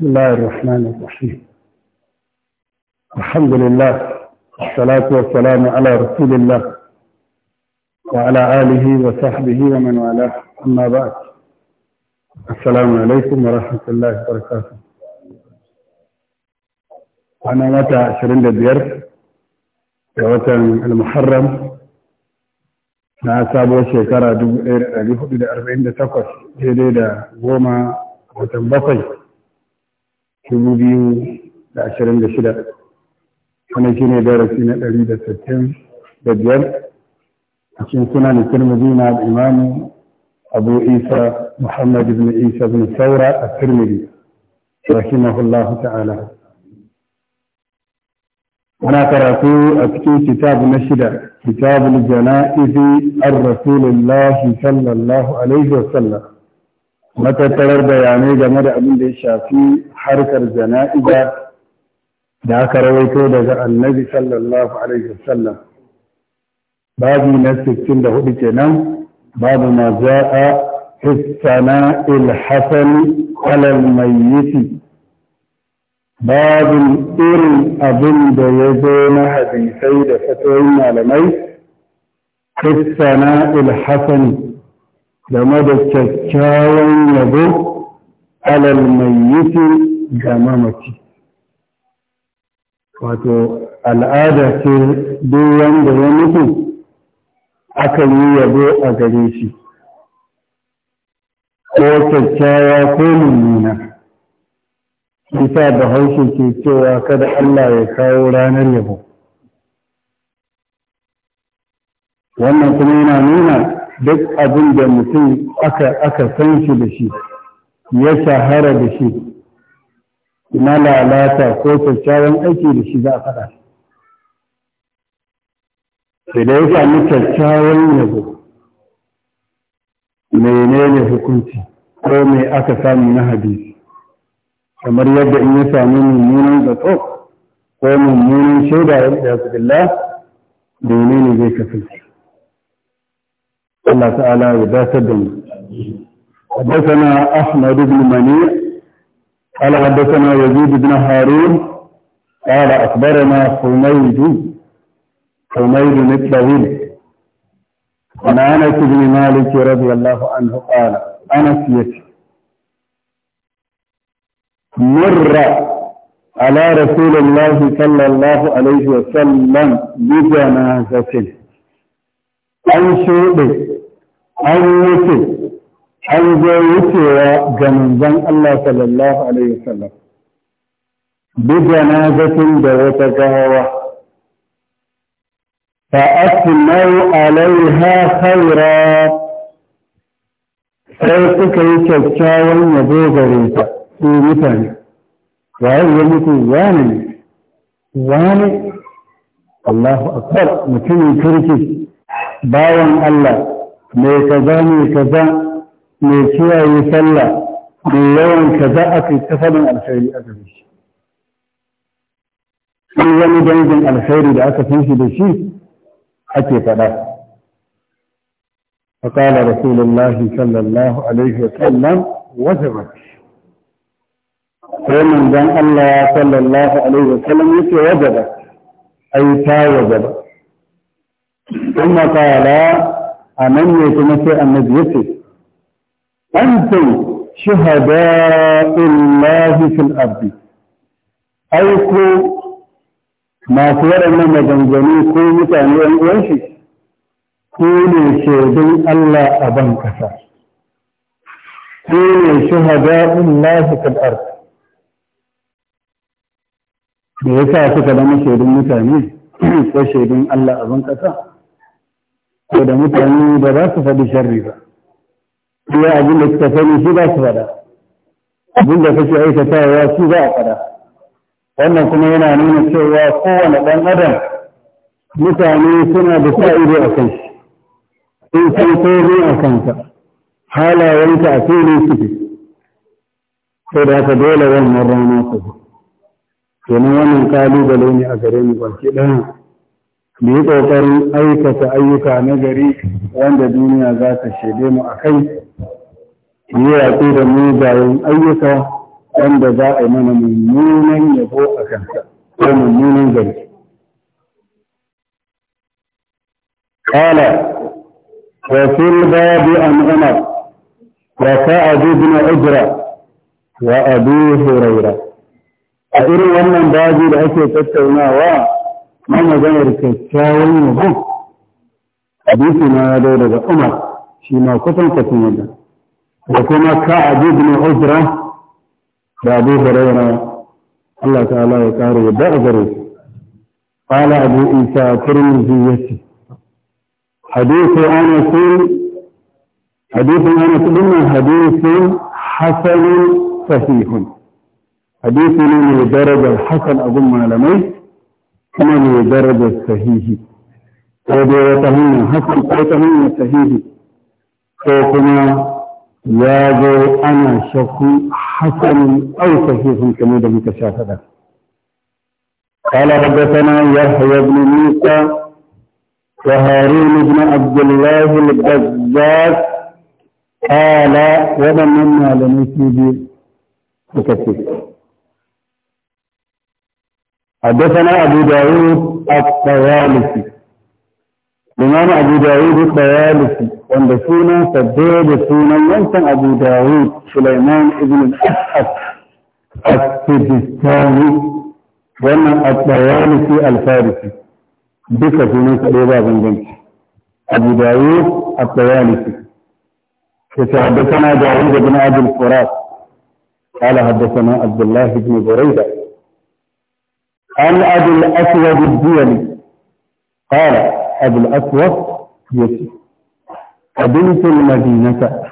بسم الله الرحمن الرحيم الحمد لله والصلاة والسلام على رسول الله وعلى آله وصحبه ومن والاه أما بعد السلام عليكم ورحمة الله وبركاته أنا متى عشرين لبير في وطن المحرم na sabuwar shekara 1448 daidai da goma watan bakwai dubu biyu da ashirin da shida shi shine darasi na ɗari da sittin da biyar a cikin sunan tirmidhi na imamu abu isa muhammad ibn isa ibn saura a tirmidhi rahimahullahu ta'ala ana karatu a cikin kitabu na shida kitabul jana'izi ar rasulillahi sallallahu alaihi wa sallam matattarar bayanai game da abin da ya shafi harkar jana'iza da aka rawaito daga annabi sallallahu alaihi wasallam babu na 64 kenan babu ma za'a fi sana'il hasani alal mayyiti babin irin abin da ya zo na hadisai da fatoyin malamai hissana sana'il hasani game da kyakkyawan yabo alal mayyiti ga mamaci wato al'ada ce duk wanda ya mutu aka yi yabo a gare shi ko kyakkyawa ko mummuna bisa da haushe ke cewa kada Allah ya kawo ranar yabo wannan kuma yana nuna duk abin da mutum aka san shi da shi ya shahara da shi na lalata ko kyakkyawan aiki da shi za a faɗa sai da ya sami kyakkyawan yabo menene hukunci ko me aka sami na hadisi kamar yadda in ya sami mummunan zato ko mummunan shaida ya domin ne zai kasance الله تعالى يبارك بنا حدثنا أحمد بن منيع قال حدثنا يزيد بن هارون قال أخبرنا حميد حميد الطويل عن أنس بن مالك رضي الله عنه قال أنس يسر مر على رسول الله صلى الله عليه وسلم بجنازته an shuɗe an wuce an zo wucewa ga manzon Allah sallallahu alaihi wasallam bi janazatin da wata gawa fa asmau alaiha khaira sai suka yi kyakkyawan yabo gare ta su mutane waye ya mutu wani ne wani Allahu akbar mutumin kirki bawan Allah mai kaza mai kaza mai kiyaye sallah mai yawan kaza aka yi tafadin alkhairi a gare shi sai wani dangin alkhairi da aka fi shi da shi ake faɗa فقال رسول الله صلى الله عليه وسلم وجبت ومن ذن الله صلى الله عليه وسلم يتي أي تا ثم قال أمن يتمسى النبي يسي أنتم شهداء الله في الأرض أيكو ما سوار من مجنزني كو متعني وانشي كوني شهدين الله أبن كسر كوني شهداء الله في الأرض da ya sa suka zama shaidun mutane ko shaidun Allah abin ƙasa ko da mutane da za su faɗi sharri ba ya abin da suka sani shi za su faɗa abin da kake aikatawa shi za a faɗa wannan kuma yana nuna cewa kowane ɗan adam mutane suna da sa ido a kai shi sun san sirri a kansa halayenka a su suke sai da haka dole wannan rana ku kenan wannan kalubale ne a gare mu baki ɗaya mu yi ƙoƙarin aikata ayyuka na gari wanda duniya za ta shaide mu a kai mu yi yaƙi da mugayen ayyuka wanda za a yi mana mummunan yabo a kansa ko mummunan gari Kala, قال وفي الباب عن عمر وسعد بن عجرة وأبي هريرة a irin wannan baji da ake tattaunawa من ذلك كاوي مبوك حديث ما دور ذا أمر شما كتن كتنين وكما كعب ابن عزرة بأبو هريرة الله تعالى يكاره بأذره قال أبو إيسا كرمزية حديث أنس حديث أنس لما حديث حسن فسيح حديث من الدرجة الحسن أظن على ميت kuma mai darajar sahihi ko dai wata hanyar hakan ko ta hanyar sahihi ko kuma ya zo ana shakku hasanin au sahihin kamar da muka sha faɗa. قال حدثنا يحيى بن موسى وهارون بن عبد الله البزاز قال ومن منا لم يكتب حدثنا أبو داود الطوالسي الإمام أبو داود الطوالسي وندسونا سديد سونا ينسان أبو داود سليمان ابن الأسحف السجستاني وأن الطوالسي الفارسي بك سونا سليبا بن أبو داود الطوالسي حدثنا داود بن أبي الفرات قال حدثنا عبد الله بن بريده عن أبي الأسود الدولي قال أبو الأسود يسي قدمت المدينة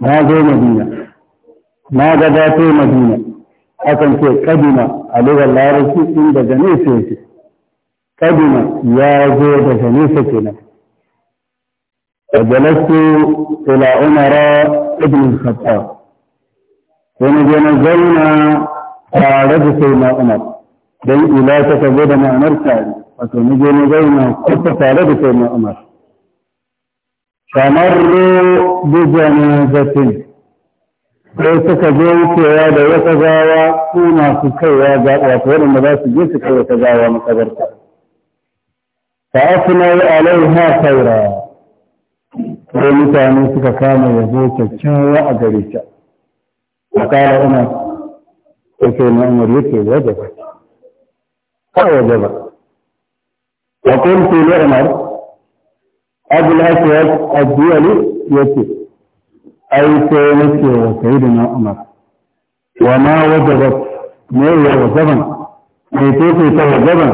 ما زي مدينة ما ذات مدينة أكن في قدم ألغى اللارسي عند جنيسة يسي قدم يا زود جنيسة كنا وجلست إلى عمر ابن الخطاب ونجي نزلنا رجل سيدنا عمر dai ila ta ka da ma'amar tare wato ni je ni zauna kusa tare da sai na umar famarro bi zafin. sai suka zo wucewa da wata gawa su masu kaiwa ga wato waɗanda za su je su kai wata gawa makabarta Ta fa asnau ha khaira sai mutane suka kama ya yabo kyakkyawa a gare ta a kala umar sai sai na umar yake wajaba kawai waje ba. Ya kuma ce ne a mara, Abdullahi ya ajiye ne ya ya ce wa sai da nan Umar, wa ma waje ba, ne ya waje ba, ne ce ce ta waje ba,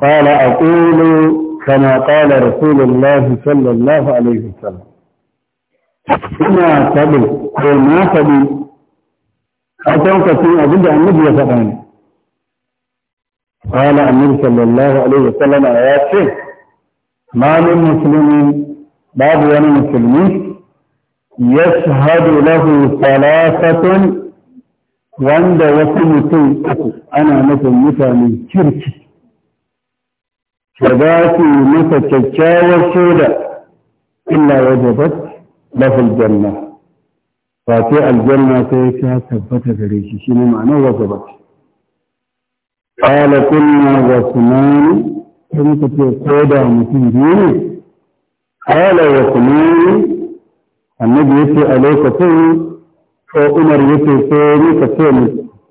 kala a kulu kana kala Rasulullahi sallallahu alaihi wasallam. Ina taɓa, ko na a can kacin abin faɗa ne. قال النبي صلى الله عليه وسلم آيات شيء ما من مسلم بعض من مسلم يشهد له ثلاثة وند وسمتي أنا مثل مثل الشرك فذاتي مثل تشاوى وشودة إلا وجبت له الجنة فاتي الجنة تيكا ثبتت ريشي شنو معنى وجبت قال كنا وثمان in ka ce ko da mutum biyu ne wa annabi ya ce a lokacin ko umar ya ce ko ni ka ce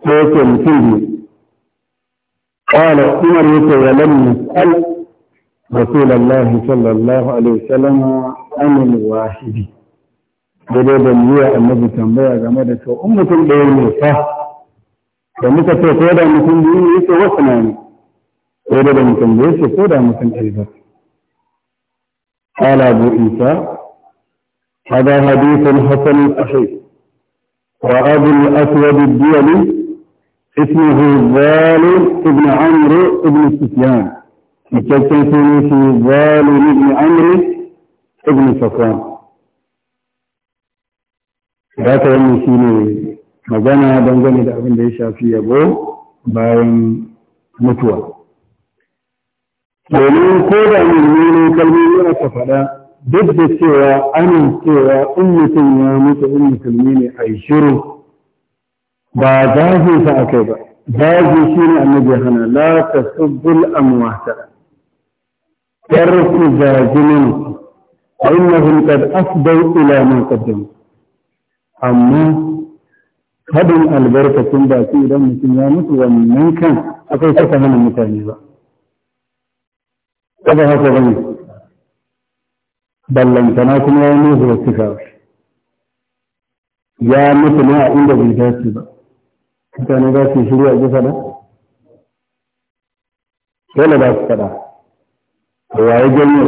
ko ce mutum biyu kala umar ya ce wa lam nasal rasul sallallahu alaihi wasallam an wahidi da mu annabi tambaya game da to in mutum ɗaya ne fa da muka ce ko da mutum biyu ne yake wasu na ne ko da mutum yake ko da mutum ba قال أبو عيسى هذا حديث حسن صحيح وأبو الأسود الديلي اسمه ظالم ابن عمرو ابن سفيان مكتبتني في ظالم ابن عمرو ابن سفيان ذاك يمشي magana dangane da abin da ya shafi yabo bayan mutuwa domin ko da mummunan kalmomi aka faɗa duk da cewa ana cewa in mutum ya mutu in musulmi ne a shiru ba zafin sa kai ba zafi shi ne annabi hana la ta subbul amwata kar ku zajinin a innahum kad afdau ila ma qaddam amma faɗin albarkacin baki idan mutum ya mutu wannan kan akwai saka hana mutane ba. Kada haka bane, ballantana kuma ya mutu da cika ya mutu ne a inda bai dace ba. Mutane za su shirya ji faɗa? Dole za su faɗa. Waye gani,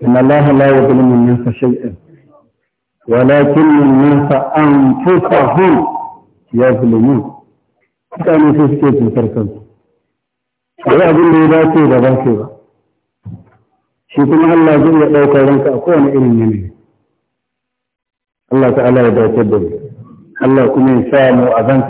inna Allah la yuzlimu minka shay'an walakin الناس أنفسهم يظلمون mutane sai suke cutar kansu wani abin da ya dace da ba ke ba shi kuma Allah zai ya ɗaukar ranka a kowane irin yanayi Allah ta'ala ya dace da Allah kuma ya sa mu a man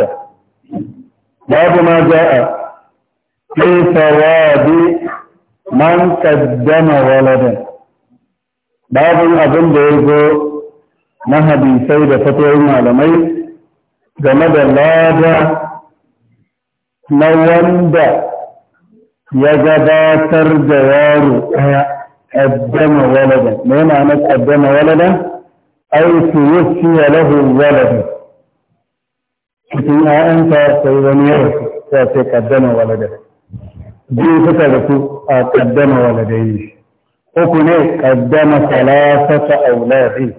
babu abin da ya zo na hadisai da fatoyin malamai game da lada na wanda ya gabatar da yaro ɗaya ƙaddama waladan me yana na ƙaddama waladan ai su yi wuce lahu waladan cikin ƴaƴansa sai wani ya rasu ya ce ƙaddama waladan biyu suka rasu a ƙaddama waladai uku ne ƙaddama salasata auladi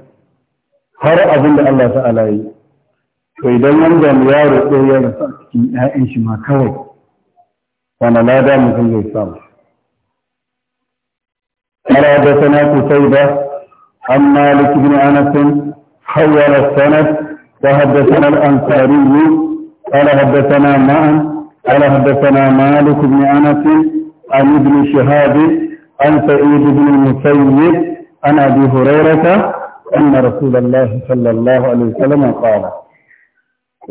har abin da Allah ta'ala yi to idan wanda ya roƙo ya rasa cikin ƴaƴan shi ma kawai wani lada mutum zai samu ara da sanatu sai ba an maliki bin anasin hawara sanat wa haddasana al-ansari قال حدثنا ماء قال حدثنا مالك بن انس عن ابن شهاب عن سعيد بن المسيب عن ابي أن رسول الله صلى الله عليه وسلم قال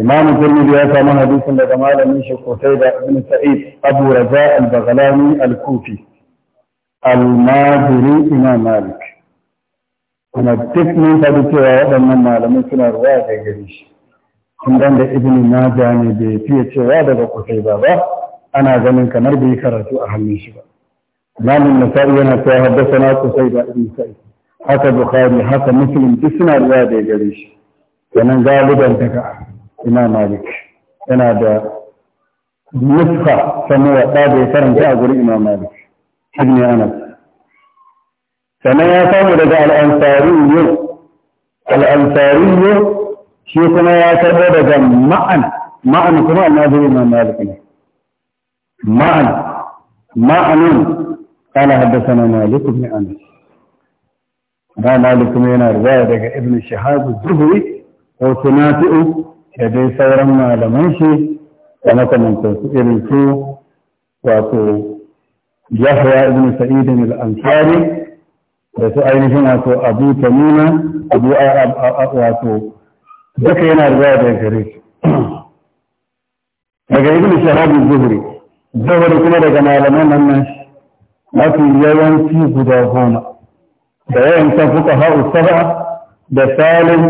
إمام الترمذي أتى من حديث لجمال من قتيبة بن سعيد أبو رجاء البغلاني الكوفي الماجري إمام مالك أنا تك من حديث هذا من مالك كنا رواه جريش كم عند ابن ماجه أن يعني بيتي تواد قتيبة أنا زمن كمر بيكرت أهل مشبا نعم النسائي أنا تحدثنا قتيبة بن سعيد haka bukhari haka muslim duk suna ruwa da gare shi sannan galiban daga imam malik yana da nuska samuwa ɗa da ya karanta a gurin imam malik ibn anas sannan ya samu daga al'ansariyo al'ansariyo shi kuma ya karɓo daga ma'an ma'an kuma almajiri imam malik ne ma'an ma'anun kana haddasa na malik ibn anas dama da kuma yana riwaya daga ibn shahab zuhri ko tunafi'u da dai sauran malaman shi da makamantan su irin su wato yahya ibn sa'id al-ansari da su ainihin wato abu tamima abu wato duka yana riwaya daga gare shi daga ibn shahab zuhri zuhri kuma daga malaman nan mafi yawanci guda goma بيان فقهاء السبعة ده سالم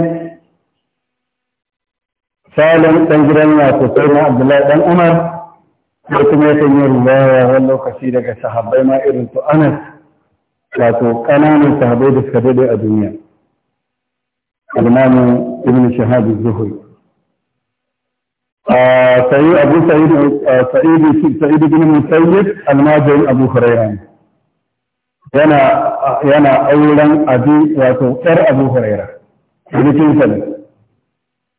سالم تنجرنا تسعين عبد الله بن عمر لكن يتم الله ولو كثيرة كسحبين إذن تؤنس لكو قنان تهبيد السبب الدنيا الإمام ابن شهاد الزهري آه، سيد أبو آه، سعيد سعيد بن المسيب الماجد أبو خريان آه yana yana auren abi wato yar abu huraira cikin sani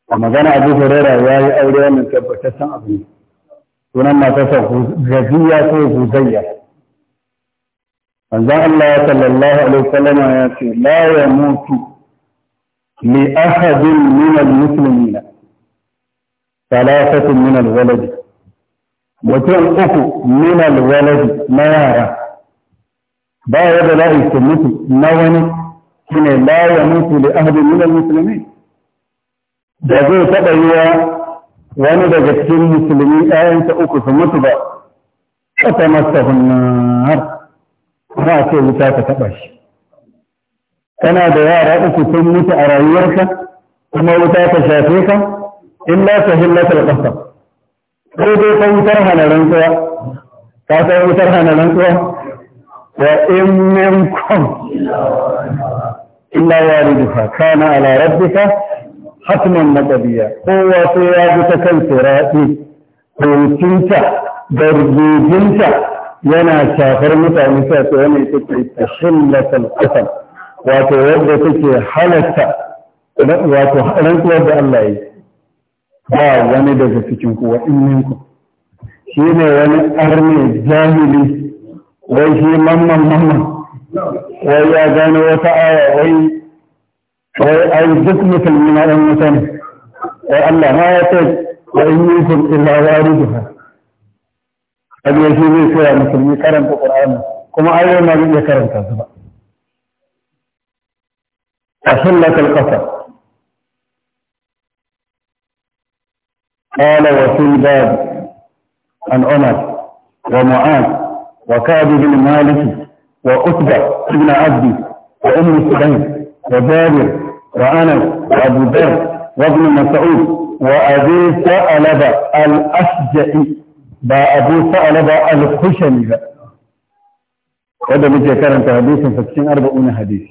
a magana abu huraira ya yi aure wannan tabbataccen abu ne sunan matarsa gaziya ko guzayya manzon Allah sallallahu alaihi wasallam ya ce la ya mutu li ahadin min al-muslimina thalathatun min al-walad mutum uku min al-walad na yara ba ya da la'i su mutu na wani shine la ya mutu li ahadin min al-muslimin da zai taɓa yiwa wani daga cikin musulmi ‘ya'yansa uku su mutu ba, ƙasa masa hunnar, ba ce wuta ta taɓa shi. Kana da yara uku sun mutu a rayuwarka, kuma wuta ta shafe ka, in la ta hillatar ƙasa. Ko dai ka wutar hana rantsuwa, ka san wutar hana rantsuwa, وإن منكم إلا واردها كان على ربك حتما مقضيا قوة سيادتك الفرائي قوتنت درجوجنت ينا شافر متعنسات ومن تكريت خلة القسم وتودتك حلت وتحرنت ود الله ba wani daga cikin kuwa in minkum shi ne wani arne jahili wai shi mamman mamman wai ya gano wata aya wai wai ai duk musulmi na ɗan mutane wai Allah ma ya ce wa in yi kun illa wariduha kaje shi zai koya musulmi karanta Qur'ani kuma ayoyin ma zai iya karanta su ba أحلة القصر قال وفي الباب عن عمر ومعاذ وكعب بن مالك وأتبع بن عبد وأم السبيل وجابر وأنس وأبو ذر وابن مسعود وأبي ثعلبة الأشجعي بأبو ثعلبة الخشني هذا بيجي كان حديث فكسين أربعون حديث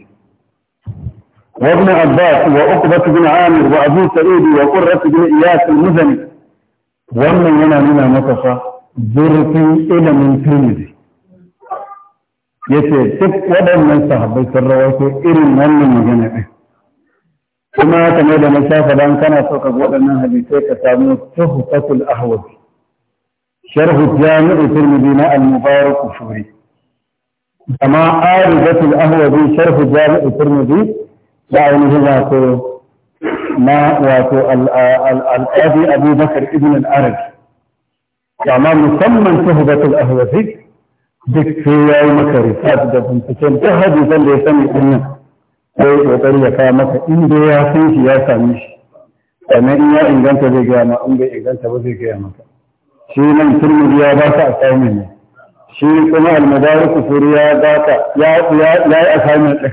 وابن عباس وأقبة بن عامر وأبو سعيد وقرة بن إياس المزني ومن هنا منا نطق زرتي إلى من تنزي yace duk waɗannan sahabbai sun rawaito irin wannan magana ɗin kuma kamar da na sha faɗa kana so ka waɗannan hadisai ka samu tuhfatul ahwaz sharhu jami'u tirmidhi na al-mubarak ushuri amma aridatul ahwazi sharhu jami'u tirmidhi da ainihin wato na wato al-qadi abubakar ibn al-arabi amma musamman tuhfatul ahwazi duk sai ya yi maka research da binciken ta hadisan da ya sani din nan sai kokari ya kawo maka inda ya san shi ya sami shi sannan in ya inganta zai gaya ma in bai inganta ba zai gaya maka shi nan turmudi ya ba ka assignment ne shi kuma almubarak suri ya ba ka ya ya ya yi assignment din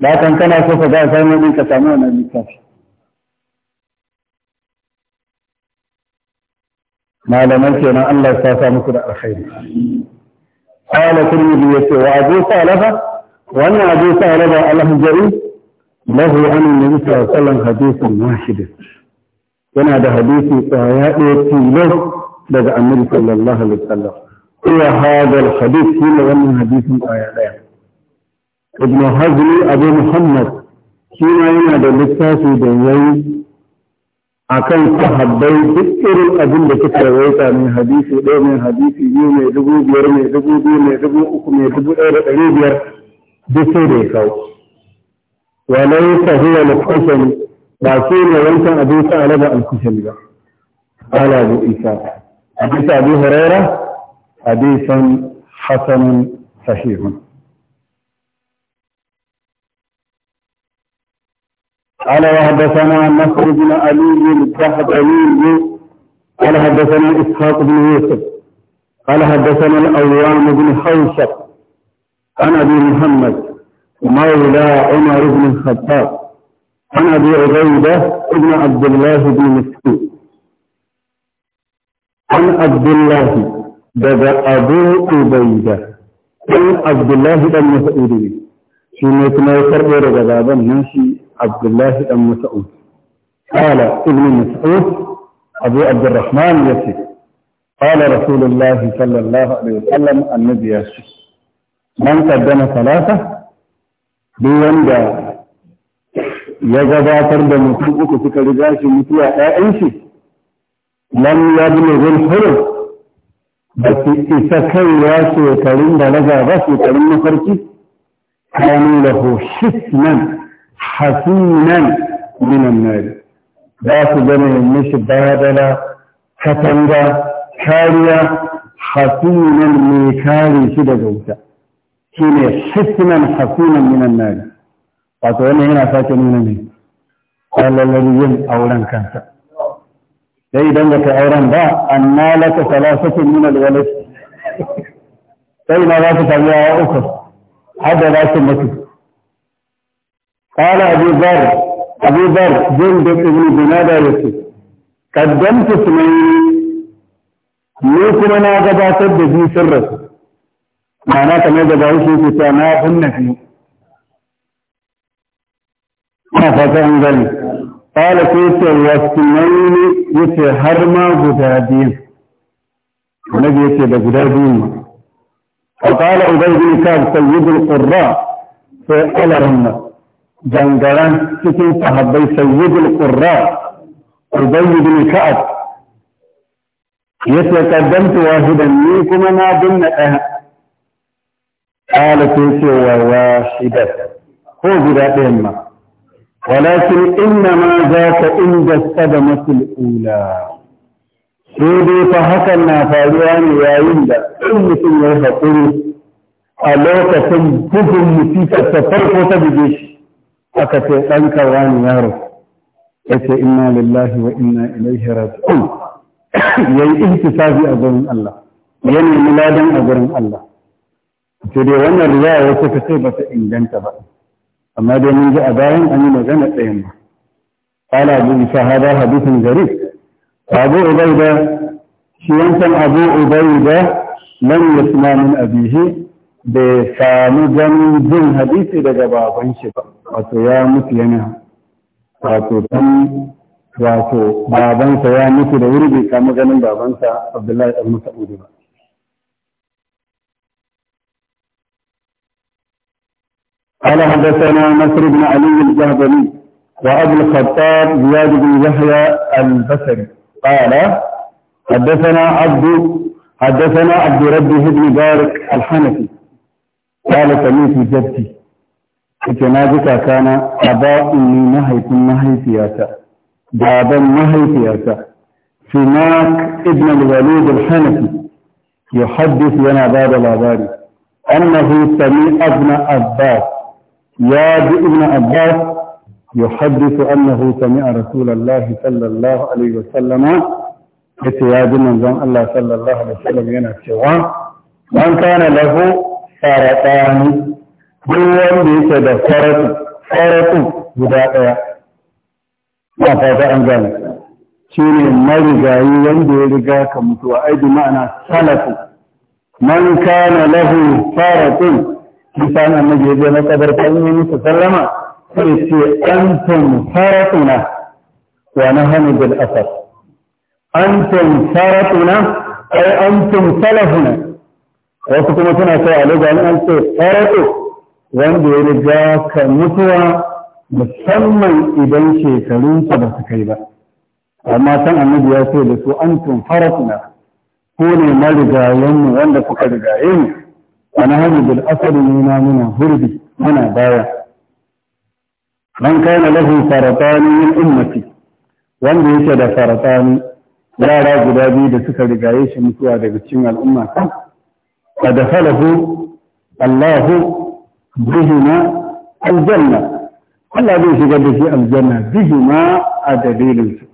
da kan kana so ka ga assignment din ka samu wannan littafi malaman kenan Allah ya sa muku da alkhairi قال ترمذي يسوع وابو ثعلبه وان ابو ثعلبه الهجري yana da hadisi tsaya ɗaya tilo daga annabi sallallahu alaihi wasallam iya hadal hadis shi ne wannan hadisin tsaya ɗaya ibn hazmi abu muhammad shi ma yana da littafi da yayi akan sahabbai duk irin abin da kika rawaita mai hadisi ɗaya mai hadisi biyu mai dubu biyar mai dubu biyu mai dubu uku mai dubu ɗaya da ɗari biyar duk sai da ya kawo walai sahiya na kushen ba su ne wancan abin sa alaba alkushen ba ala bi isa hadisa abu huraira hadisan hasanun sahihun قال وحدثنا نصر بن علي الدهبلي قال حدثنا اسحاق بن يوسف قال حدثنا الاوام بن حوشب عن ابي محمد مولى عمر بن الخطاب عن ابي عبيده بن عبد الله بن مسكين عن عبد الله بدا ابو عبيده عن عبد الله بن مسعود shi ne kuma ya karɓo daga baban nan shi abdullahi dan mas'ud qala ibn mas'ud abu abdurrahman yace qala rasulullahi sallallahu alaihi wasallam annabi ya ce man qaddama salata duk wanda ya gabatar da mutum uku suka riga shi mutuwa ɗayan shi lam yablugh al-hulum ba su isa kai ya shekarun da na gaba shekarun farki? كانوا له شسما حسينا من النار بعض جنه النش بادلا كتنجا كاريا حسينا ميكاري شده جوتا كيني شسما حسينا من النار بعض جنه هنا فاتن من النار قال الذي يم أولا كانت زي دنجك أولا با أنا لك ثلاثة من الولد زي ما لك من أخر هذا لا su قال أبو ذر أبو ذر جند ابن جنادة يكي قدمت سمين لكم أنا قباتت في سرس معناه كما جباوش يسي ما قلنا فيه ما قال كيف والسمين يسي هرما غدادين ونجي يسي بغدادين وقال أبي بن كعب سيد القراء فألرم جنجران سكن صحابي سيد القراء أبي بن كعب يتقدمت واحدا منكم ما ضمن أه. قال تنسوا واحدة هو بذاتهم ولكن إنما ذاك عند الصدمة الأولى sai ta hakan na faruwa ne yayin da ɗan mutum ya haƙuri a lokacin bugun musibar ta farko ta buge shi aka ce ɗanka wani yaro ya ce inna lillahi wa inna ilaihi raji'un ya yi ihtisabi a gurin Allah ya nemi ladan a gurin Allah to dai wannan riwaya wasu ka ce ba ta inganta ba amma dai mun ji a bayan an yi magana ɗayan ba قال أبو إسحاق هذا حديث غريب أبو عبيدة سيانتا أبو عبيدة لم يسمع من أبيه بسالو جنين دون حديث إذا جبا بانشبا أتو يا مسلمة أتو تم واتو بابان سيا مسلمة وربي كام جنين بابان سا عبد الله بن سعود قال حدثنا نصر بن علي الجهضمي وابو الخطاب زياد بن يحيى البصري قال حدثنا عبد حدثنا عبد ربه بن بارك الحنفي قال سميت جدي كنا جكا كان أبا أمي مهيت مهيتياتا بابا مهيتياتا سماك ابن الوليد الحنفي يحدث لنا باب العباد أنه سمي ابن عباس يا ابن عباس يحدث أنه سمع رسول الله صلى الله عليه وسلم يتياد من زم الله صلى الله عليه وسلم ينسوا من كان له فرطان هو ليس ده فرط فرط بداية ما فاز عن ذلك شيني مرجعي وندي رجاك متوا أي بمعنى سلف من كان له فرط كان النبي صلى الله عليه وسلم sai ce antum faratuna wa nahnu bil asar antum faratuna ai antum salafuna wasu kuma suna cewa a lokacin an ce faratu wanda ya riga ka mutuwa musamman idan shekarunsa ba su kai ba amma san annabi ya ce da su antum faratuna ko ne marigayenmu wanda kuka riga yin? wani hannun bil asali ne muna hurbi muna baya man kana lahu faratani min ummati wanda yake da faratani yara guda biyu da suka rigaye shi mutuwa daga cikin al'umma kan fa dakhalahu Allahu bihima aljanna Allah zai shiga da shi aljanna bihima a dalilin su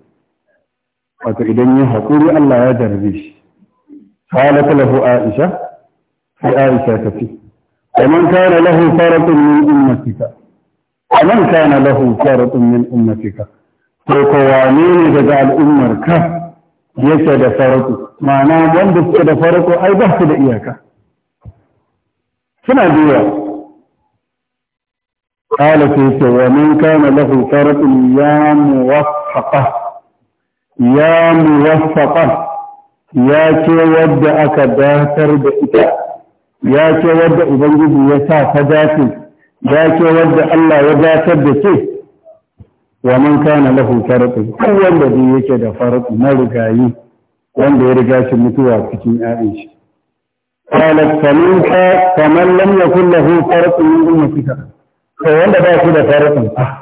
wato idan ya haƙuri Allah ya jarbe shi qalat lahu Aisha sai Aisha ta ce man kana lahu faratun min ummatika ومن كان له فرد من أمتك فقوانين جزاء أمرك يشد فرد معنى جنب يشد فرد أي بحث دئيك شنا دي قال سوى من كان له فرد يا موفقة يا موفقة يا كيود أكداتر بإتاء يا كيود إبنجد يسا فجاتي ya wanda wadda Allah ya gatar da ke wa man kana lahu farqu duk wanda dai yake da farqu na rigayi wanda ya riga shi mutuwa cikin ayin shi qala faminka kaman lam yakul lahu farqu min ummatika to wanda ba shi da farqu ah,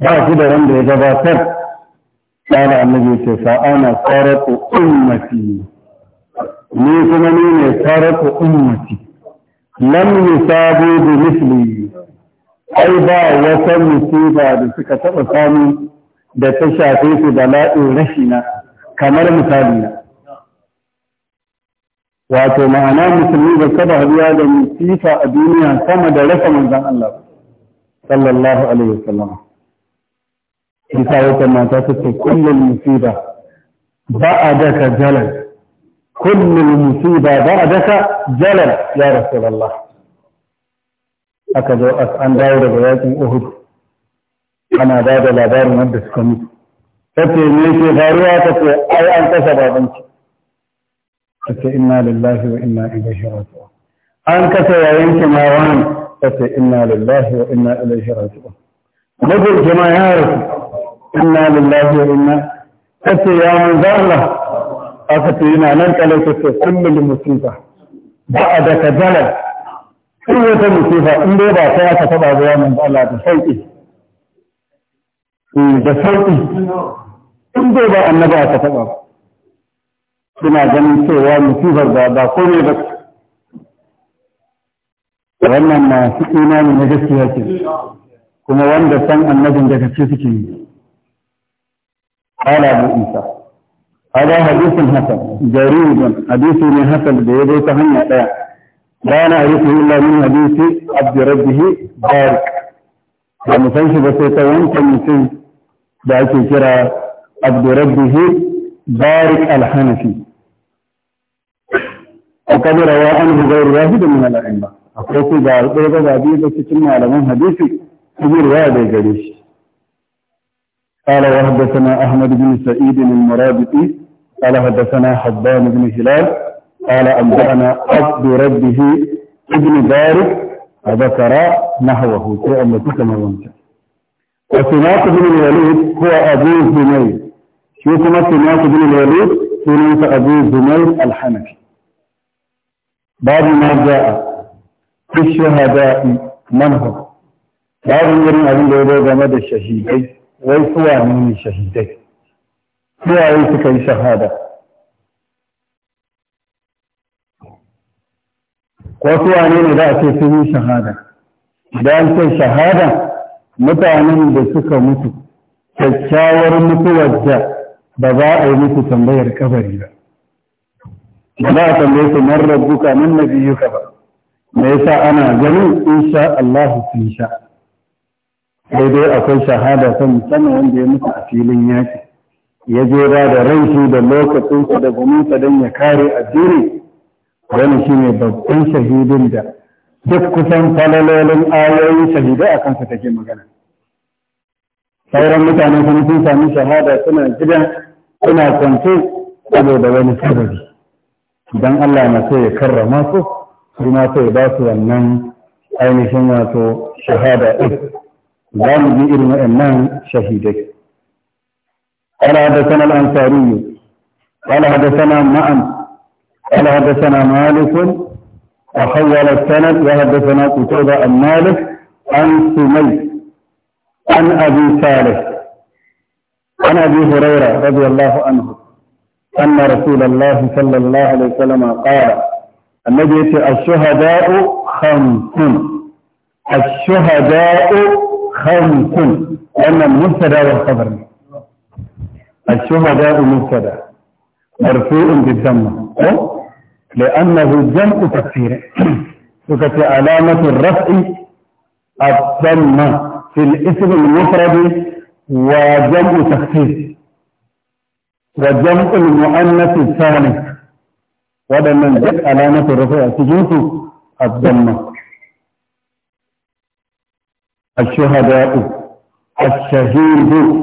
ba shi da wanda ya gabatar kana annabi ce fa ana farqu ummati ni kuma ni ne farqu ummati lam yusabu bi misli ai ba wata musiba da suka taba samu da ta shafe su bala'in rashina kamar misali na wato ma'ana musulmi ba saba haduwa da musifa a duniya sama da rasa manzan Allah sallallahu alaihi wasallam isa wata mata ta ce kullum musiba ba a daka jalar كل المصيبة بعدك جلل يا رسول الله أكذو أسعن دائرة بيات أهد أنا بعد لا دار مدس كمي فتي ميكي غارية فتي أي أن تسبع بنت فتي إنا لله وإنا إليه راجعون أن كسر ما وان فتي إنا لله وإنا إليه راجعون نقول جماعة إنا لله وإنا فتي يا من ذا الله aka ce yana nan kalar ta ce kullum musifa ba a da kajalar sun yi wata musifa in dai ba ta ya ka taba zuwa nan Allah da sauƙi eh, da sauƙi in dai ba annaba aka taba suna ganin cewa musifar ba ba ko komai ba wannan na masu imani na gaskiya ke kuma wanda san annabin daga ce suke yi قال أبو إيسى هذا حديث حسن جريد حديث من حسن بيدي تهنى لا لا نعرفه إلا من حديث عبد ربه بارك ومسنش بسيطة وانت مسنش دعك كرا عبد ربه بارك الحنفي وقد روى عنه غير واحد من الأئمة أقول لك بعد ذلك بعد ذلك كما علمون حديثي كبير واحد جريش قال وحدثنا أحمد بن سعيد المرابطي قال حدثنا حبان بن هلال قال أنبأنا عبد ربه ابن بارك وذكر نحوه في أمتك وانت وسماك بن الوليد هو أبو زميل شو كما سماك بن الوليد سنوس أبو زميل الحنفي بعد ما جاء في الشهداء من هو بعد ما جاء من الشهيدين wai kuwa ne shahidai suwaye suka yi shahada ko kuwa ne za a ce sun yi shahada idan ce shahada mutanen da suka mutu kyakkyawar mutuwar da ba za a yi musu tambayar kabari ba ba za a tambaye su marar nan na biyu nabiyuka ba me yasa ana In insha Allah sun sha daidai akwai shahada ta musamman wanda ya mutu a filin yaki ya je ba da ranshi da lokacinsa da guminsa don ya kare addini wani shi ne babban shahidin da duk kusan falalolin ayoyin shahida a kansa take magana sauran mutane kuma sun sami shahada suna gida suna kwance saboda wani sababi idan Allah na so ya karrama su kuma so ya ba su wannan ainihin wato shahada ɗin za mu إمام شهيدك قال حدثنا الأنصاري قال حدثنا معن قال حدثنا مالك وحول السند وحدثنا قتيبة عن مالك عن سمي عن أبي صالح عن أبي هريرة رضي الله عنه أن رسول الله صلى الله عليه وسلم قال النبي الشهداء خمس الشهداء خمس لأن المبتدا والخبر الشهداء مبتدا مرفوع بالذمة لأنه جمع تكفير وكت علامة الرفع الذمة في الاسم المفرد وجمع تخفيف وجمع المؤنث الثالث ودمن جاء علامة الرفع تجوز الذمة الشهداء الشهيد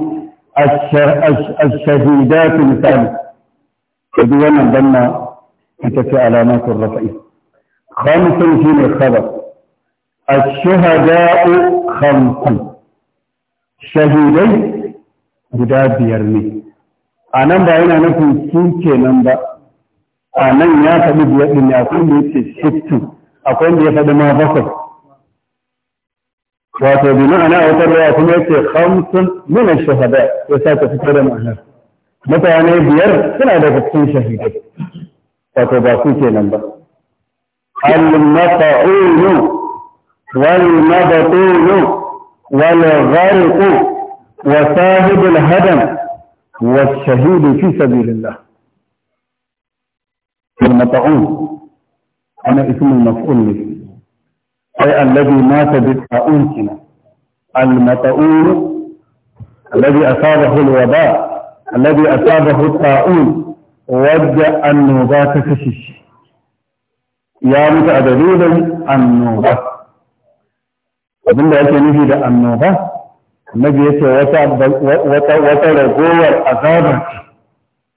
الشهيدات مثال ودينا ضمن تلك علامات الرفع خمس في الخبر الشهداء خمس شهيدين جدا بيرني أنا بعين أنا في سوتش نمبا أنا يا تبي بيرني أكون بيت ستة أكون بيت هذا ما بكر wato bi ma'ana a wata rawa kuma yace khamsun min ash-shuhada ya sake fitar da ma'ana mutane biyar suna daga cikin shahidai wato ba su kenan ba al-maqa'un wal mabtun wal gharq wa sahib al-hadam wa ash-shahid fi sabilillah al-maqa'un ana ismul maf'ul أي الذي مات بالطاؤون سنة المطؤون الذي أصابه الوباء الذي أصابه الطاؤون وجع النوبات في الشيش يا متعددودا النوبة ومن ذلك نجد النوبة النبي يتوى وتلقوا أذابك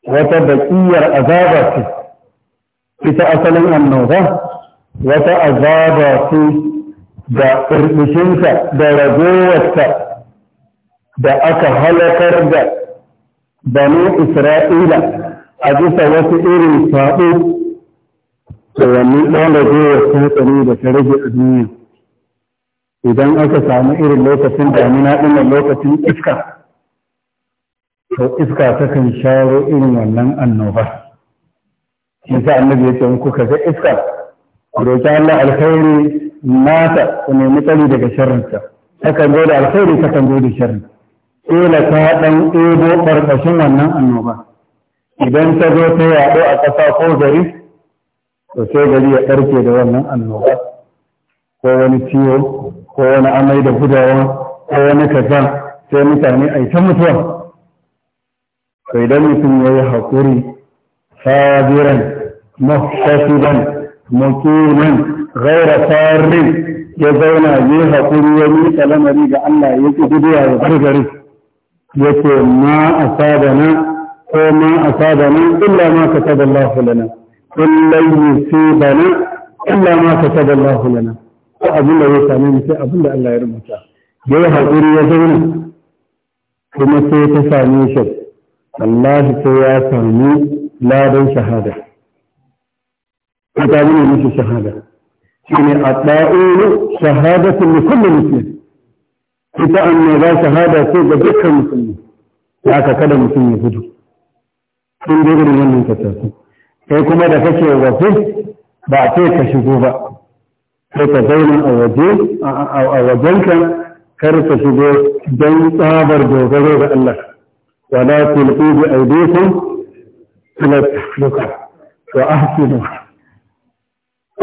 وتبكير أذابك في تأصل النوبة wata azaba su da ƙirƙishinta da ragowarsa da aka halakar da Bani isra'ila a bisa wasu irin faɗo da wani ɗan ragowar ta da ta rage a duniya idan aka samu irin lokacin damina ɗin lokacin iska to iska takan sharo irin wannan annoba shi sa annabi ya ce kuka ga iska roƙi Allah alkhairi nata ku nemi tsari daga sharrinta takan zo da alkhairi takan zo da sharri kila ta ɗan ɗebo barkashin wannan annoba idan ta zo ta yaɗo a ƙasa ko gari to sai gari ya ɗarke da wannan annoba ko wani ciwo ko wani amai da gudawa ko wani kaza sai mutane a yi ta mutuwa to idan mutum ya yi haƙuri sabiran muhtasiban mutunan gaira farin ya zauna ya haƙuri ya miƙa lamari ga Allah ya ƙi guduwa ya gargare ya ce ma a sadana ko ma a sadana illa ma ka saba Allah lana illa yusibana illa ma ka saba Allah lana ko abin da ya same mu sai abin da Allah ya rubuta ya yi haƙuri ya zauna kuma sai ta same shi Allah sai ya sami ladan shahada يداولون مثل شهادة يعني الطاعون شهادة لكل مسلم حتى أن لا شهادة فوق ذكر المسلم لك كذا مسلم يفجر من دور من من كتاب فيكما إيه دفشي وفيه بعتيك إيه شبوبا فيك زينا أو وجين أو وجنكا كرت شبوب جن صابر جوغره الله ولا تلقوا بأيديكم إلى التخلقة وأحسنوا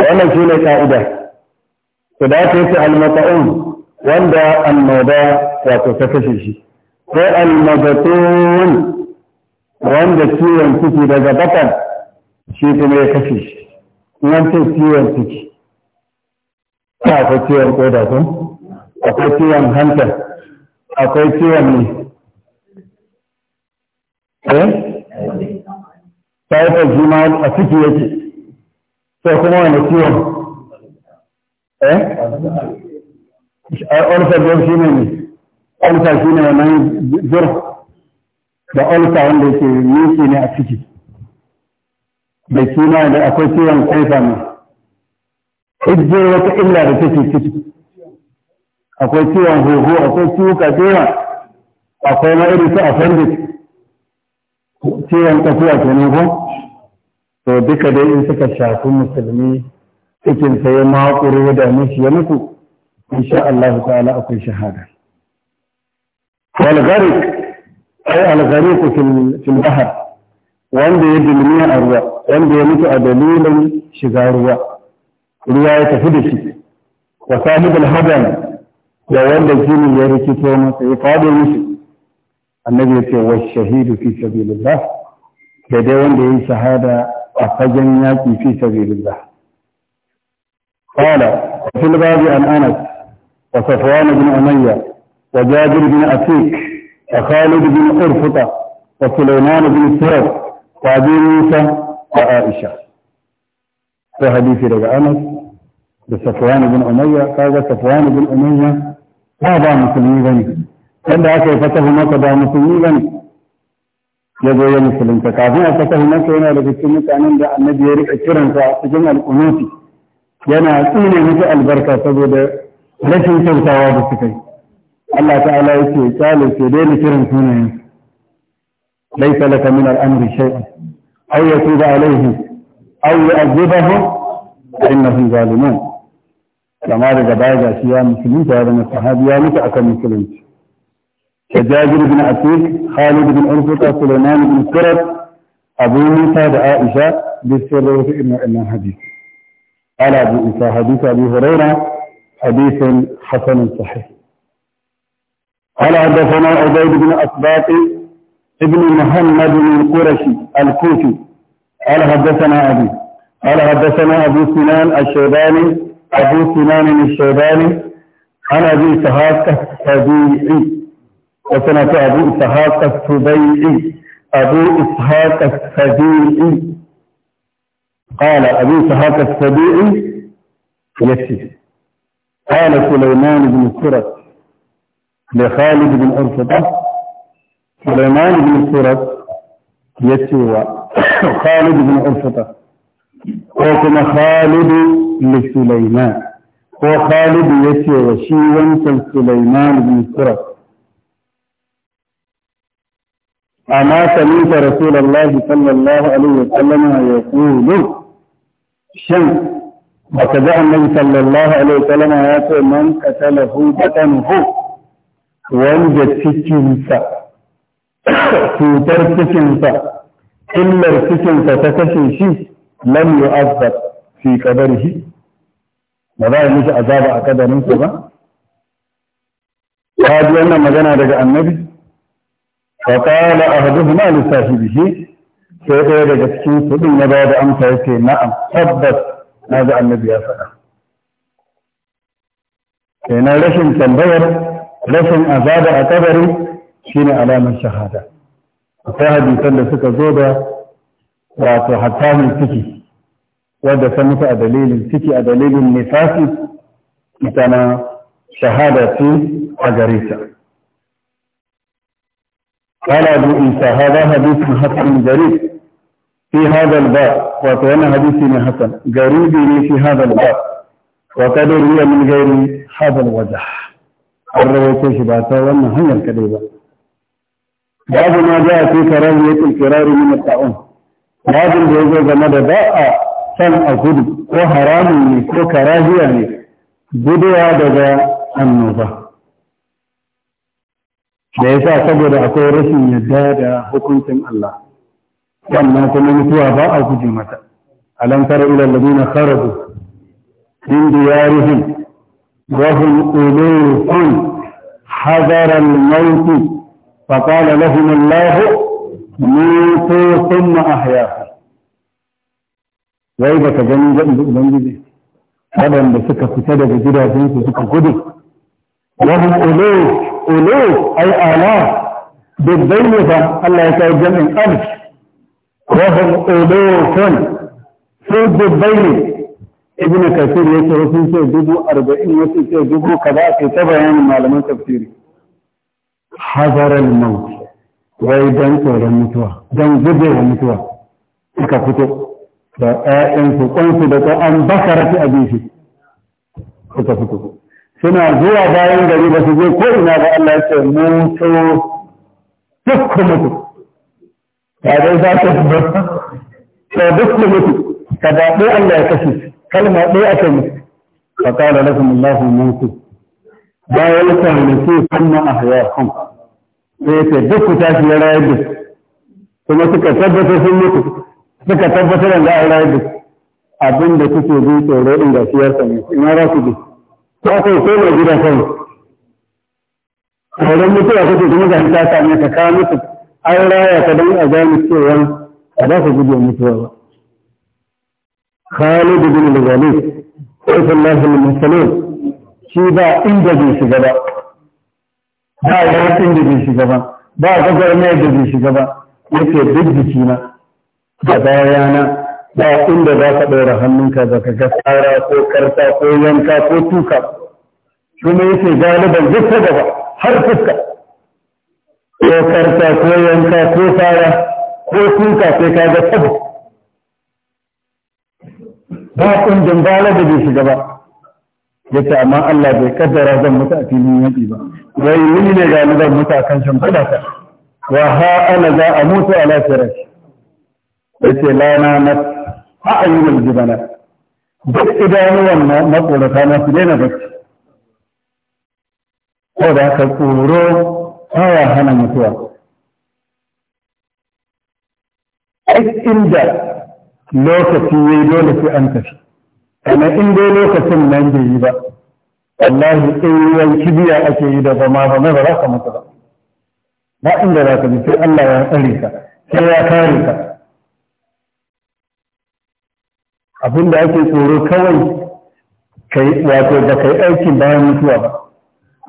wannan shi ne ka'ida su da ta yace almata'un wanda annoba wato ta kashe shi ko almabatun wanda ciwon ciki daga bakan shi kuma ya kashe shi wancan ciwon ciki akwai ciwon koda kun akwai ciwon hanta akwai ciwon ne eh typhoid shi ma a ciki yake to kuma wani ciwon eh Alfa eh, jor shi ne ulcer shi ne wannan jor da ulcer wanda yake miki ne a ciki da kima da akwai ciwon kansa ne hijjo wata illa da take ciki akwai ciwon huhu akwai ciwuka da akwai ma irin su appendix ciwon kafuwa kenan ko to duka dai in suka shafi musulmi cikin sai makure da mishi ya mutu insha Allah ta'ala akwai shahada wal gharik ay al fil bahr wanda ya dilmi a ruwa wanda ya mutu a dalilin shiga ruwa ruwa ya tafi da shi wa sahib al hadan ya wanda jini ya rikito masa ya fado mishi annabi ya ce wa shahidu fi sabilillah da dai wanda ya yi shahada أخذني في سبيل الله قال في الباب عن أنس وصفوان بن أمية وجابر بن أسيك وخالد بن قرفطه وسليمان بن سيف وأبي موسى وعائشة في حديث رجع أنس لصفوان بن أمية قال صفوان بن أمية ما بقى مسلمين غني كان كيف فتحوا ما بقى مسلمين ya zo ya musulunta kafin a kasar maka yana daga cikin mutanen da annabi ya rika kiransa a cikin al'ummi yana tsine musu albarka saboda rashin kyautawa da suka yi Allah ta'ala ya ce kyale ke daina kiran sunayen laisa laka min al'amri shay'an aw yatuba alaihim aw yu'adhibahum fa innahum zalimun kama daga baya gashi ya musulunta ya zama sahabi ya mutu akan musulunci كجابر بن عتيق خالد بن أرفقة سليمان بن كرب أبو موسى عائشة بالسر إن إن حديث قال أبو موسى حديث أبي هريرة حديث حسن صحيح قال حدثنا عبيد بن أسباط ابن محمد بن القرشي الكوفي قال حدثنا أبي قال حدثنا أبو سنان الشيباني أبو سنان الشيباني عن أبي سهاك السبيعي وسنة أبو إسحاق السبيعي أبو إسحاق السبيعي قال أبو إسحاق السبيعي يكفي قال سليمان بن سرد لخالد بن أرفضة سليمان بن سرد يكفي خالد بن أرفضة وكما خالد لسليمان وخالد خالد يكفي وشيوا سليمان بن سرد أما سمعت رسول الله صلى الله عليه وسلم يقول شن وكذا النبي صلى الله عليه وسلم يقول من قتله بطنه وانجد سكنسا cutar cikinsa illar cikinsa ta kashe shi lam yu'azzab fi qadarihi ba za a mishi azaba a kadarinsa ba Ka ji wannan magana daga annabi فقال أهدهما لصاحبه سيدي إذا جسكين سبين نباد أمسا يكي نعم حبت ماذا النبي أفعل كينا لشن تنبير لشن أزاد أكبر شين علام الشهادة فهدي سنة سكة زودة وعطو حتى من سكي ودى سنة أدليل سكي أدليل النفاسي كان شهادة في أجريسة قال أبو عيسى هذا حديث حسن غريب في هذا الباب وكان حديث حسن غريب في هذا الباب وقد روي من غير هذا الوجه الرواية شباتا وأن هي الكذبة باب ما جاء في كراهية الكرار من الطاعون باب الجوز جمد باء سمع الغدو وحرام ko karahiya ne guduwa daga annoba da ya sa saboda akwai rashin yadda da hukuncin Allah wannan kuma mutuwa ba a guje mata alam tara ila alladhina kharaju min diyarihim wa hum ulufun hadara al-maut fa qala lahum Allah mutu thumma ahyaahu wai baka gani ga ubangiji waɗanda suka fita daga gidajensu suka gudu wa hum ulufun ulu ay ala dubbai ne ba Allah ya kai jami'in alif wa hum ulufun su dubbai ne ibn kasir ya ce sun ce dubu arba'in wasu ce dubu kaza ke ta bayanin malaman tafsiri hazarar maut wai don tsoron mutuwa don gujewa mutuwa suka fito da ƴaƴansu kwansu da ko an bakarati abin shi suka fito suna zuwa bayan gari ba su je ko ina ba Allah ya ce mutu duk ku mutu ba dai za ta ba to duk ku mutu ka ba dai Allah ya kashe kalma dai aka yi fa qala lakum Allah mutu bayan kwanaki kuma ahyakum sai ce duk ku tashi ya rayar da kuma suka tabbatar sun mutu suka tabbatar da an rayar da abin da kuke bi tsoro in gaskiyar sa ne ina za ku bi ba ku sai mai gida a wajen mutuwa kake kuma ga ta same ka ka mutu an raya ka don a gane cewa ba za ka guje mutuwa ba Khalid bin Walid sallallahu alaihi wasallam shi ba inda bai shiga ba ba ya inda bai shiga ba ba gagarmaya da bai shiga ba yake duk jikina da bayana ba inda za ka ɗora hannunka ba ka ga tsara ko karta ko yanka ko tuka kuma yake galiban duk ta gaba har fuska ko karta ko yanka ko tsara ko tuka sai ka ga tabu ba kundin bala da bai shiga ba ya ce amma Allah bai kaddara zan mutu a filin yaƙi ba wai ni ne galiban mutu a kan shan ta wa ha ana za a mutu a lafiyar shi yace la na na a'yunul jibala duk idanuwan na makorata na su daina bacci ko da ka tsoro baya hana mutuwa duk inda lokaci yayi dole sai an tafi amma in dai lokacin nan bai yi ba wallahi tsayuwan kibiya ake yi da zama ba ba za ka mutu ba ba inda za ka bi sai Allah ya tsare ka sai ya kare ka abin da ake tsoro kawai kai wato ba kai aikin bayan mutuwa ba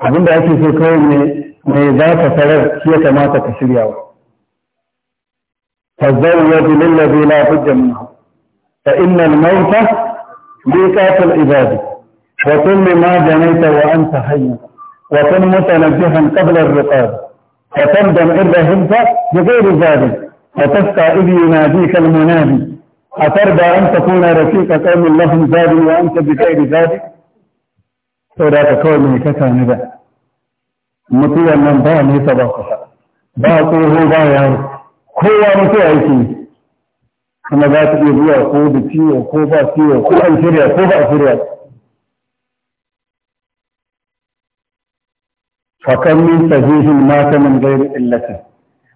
abin da ake so kawai ne me za ka tarar shi ya kamata ka shirya wa لا بد منه فإن الموت ميقات العباد وكل ما جنيت وأنت حي وكن متنجها قبل الرقاب فتندم إن همت بغير ذلك وتسعى إذ يناديك المنادي أترضى أن تكون رفيق قوم لهم زاد وأنت بخير زاد؟ فلا تكون لك كاملة. مطيع من باني تبقى. باقي هو باي هو مطيع أيتي. كما ذات يبيع قوة بتيو قوة بتيو قوة أسرية قوة أسرية. فكم من تزيه مات من غير إلته.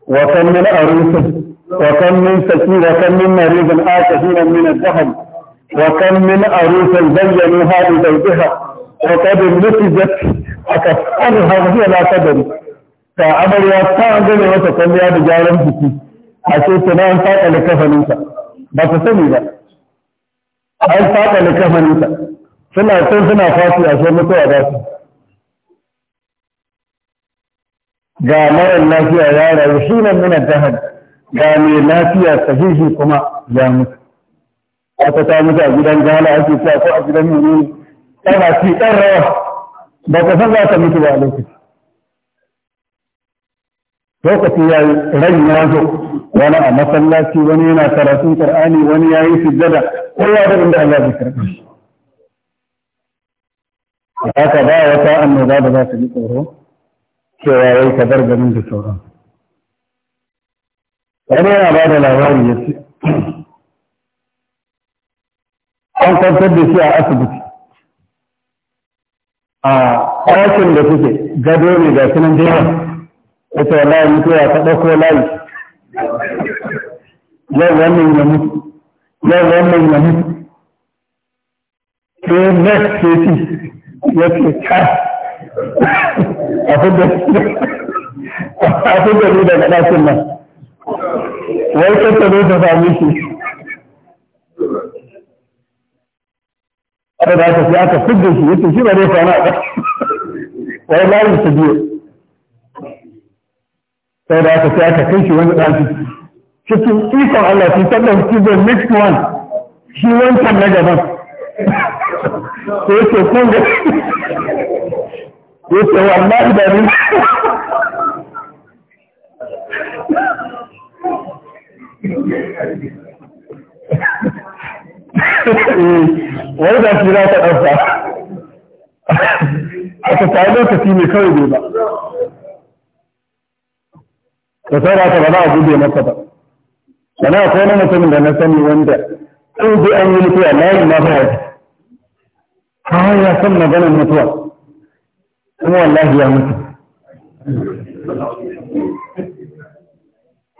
وكم من أرسل وكم من سكين وكم من مريض هنا من الذهب وكم من عروس هذه لزوجها وقد نتجت أكثرها وهي لا تدري فعمل وتعدل وتقليا بجارم جسي أشياء تنام فاق لكفنك بس سمي لا أي فاق لكفنك suna sun suna fasu a sai mutuwa za su ga marar lafiya ya من shi ga mai lafiya sahihi kuma ya mutu wata ta mutu a gidan gala ake cewa ko a gidan mene tana ci ɗan rawa ba ka san za ta mutu ba a lokaci lokaci ya yi ran ya zo wani a masallaci wani yana karatun qur'ani wani ya yi sujjada kowa da inda Allah zai karɓa shi haka ba wata annoba da za ta ji tsoro cewa wai ka bar garin da sauransu wani yana ba da labarin ya ce an kwantar da shi a asibiti a ɗakin da suke gado ne ga sunan da yawa ita wallahi mutuwa ta ɗauko layi yau wannan ya mutu yau wannan ya mutu sai next ke ci ya ce ka a fi da ni daga ɗakin nan wai kasa ne ta sami shi aka da aka sai aka fidda shi yake shi ba zai kwana a ƙasa wai layin su biyu sai da aka sai aka kai shi wani ɗaki cikin ikon Allah sun tabbata shi the next one shi wancan na gaban sai yake kun ga yake wallahi da ni Eh, wani da shi za ta ɗauka aka sami lokaci mai kawai bai ba da saura ta ba za a gube masa ba sana akwai wani mutumin da na sani wanda in zai an yi mutuwa layin na fara haji hanyar ya san maganar mutuwa kuma wallahi ya mutu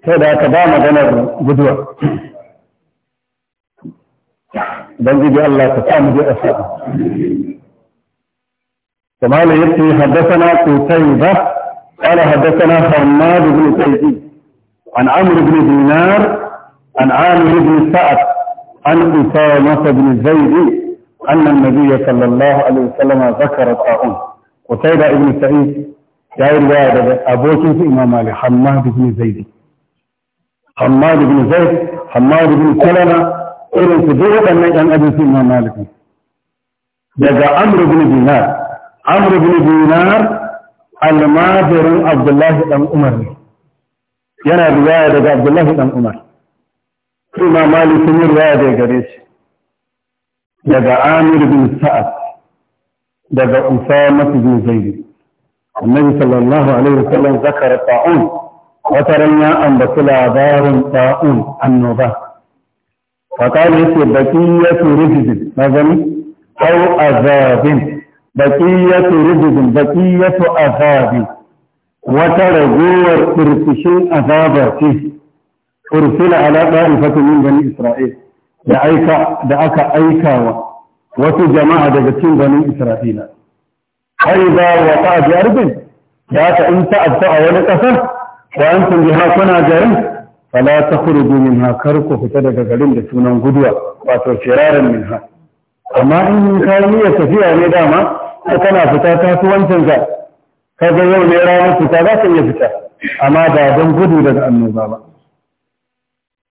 sai da ba maganar guduwa don gidi Allah a sa'a yake haddasana ba قال حدثنا حماد بن سيدي عن عمرو بن دينار عن عامر بن سعد عن أسامة بن زيد أن النبي صلى الله عليه وسلم ذكر الطاعون قتيبة بن سعيد جاء رواية ابو في إمام علي حماد بن زيد Hammad ibn Zaid Hammad ibn Kalama irin su duk waɗannan ɗan abin su Imam Malik daga Amr ibn Dinar Amr ibn Dinar almajirin Abdullahi ɗan Umar ne yana riwaya daga Abdullahi ɗan Umar Imam Malik sun yi riwaya daga gare shi daga Amir ibn Sa'ad daga Usama ibn Zaid Annabi sallallahu alaihi wa wasallam zakara ta'un wataran ya ambaci labarin ta'un annoba fakali yake baqiyatu rijzin magani aw azabin ya baqiyatu rijzin baqiyatu azabin wata ragowar turfishin azabar ce ursila ala da'ifatin min bani isra'il da aika da aka aikawa wasu jama'a daga cikin bani isra'ila ai ba wa ta'ad yarbin da aka in ta'abta a wani ƙasar? wa an kuna garin fala takhruju minha kar ku fita daga garin da sunan guduwa wato min ha. amma in yi kayan niyya tafiya ne dama ta kana fita ta fi wancan ka ka ga yau ne ranar fita za ka iya fita amma ba don gudu daga annoba ba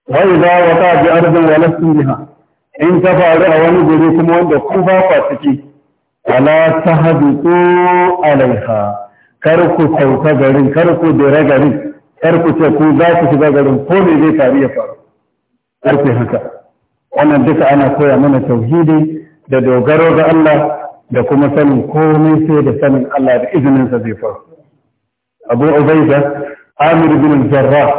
wa idza waqa bi ardin wa biha in ta faru a wani guri kuma wanda ku ba ku ciki ala tahbitu alaiha kar ku sauka garin kar ku dira garin kar ku ce ku za ku shiga garin ko me zai faru ya faru kar ku haka wannan duka ana koya mana tauhidi da dogaro ga Allah da kuma sanin komai sai da sanin Allah da izinin sa zai faru Abu Ubaida Amir bin Jarrah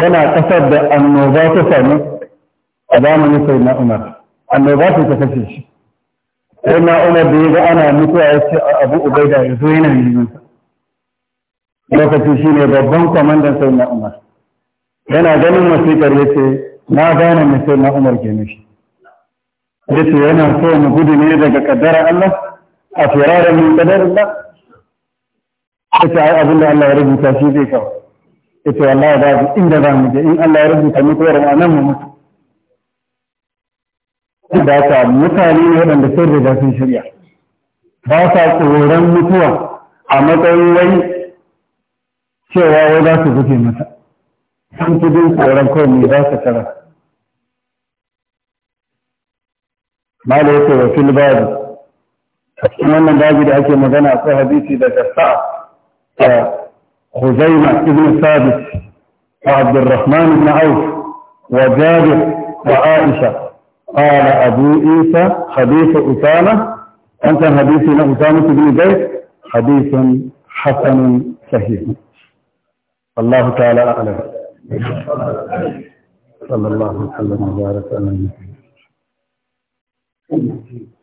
yana kasar da annoba ta sami a zamanin sai na Umar annoba ta kashe shi sai na Umar da ya ga ana mutuwa ya ce Abu Ubaida ya zo yana neman sa Lokaci shi ne babban kwamandan sai na umar yana ganin wasiƙar ya ce na gane mai sai na umar ke mishi ya ce yana so mu gudu ne daga kaddara Allah a firarar min kaddara Allah ya ce ai abinda Allah ya rubuta shi zai kawo ya ce wallahi ba inda za mu je in Allah ya rubuta mutuwar a nan mu mutu da ta mutane ne waɗanda sun riga sun shirya ba sa tsoron mutuwa a matsayin wai cewa wai za su guje mata sun fi jin tsoron kawai me za su tara mala yake wa fil babu a cikin wannan babu da ake magana akwai hadisi daga sa'a da huzaima ibn sabit wa abdurrahman ibn auf wa jabir wa aisha قال أبو عيسى حديث أسامة أنت حديثنا أسامة بن زيد حديث حسن صحيح والله تعالى أعلم صلى الله وسلم وبارك على النبي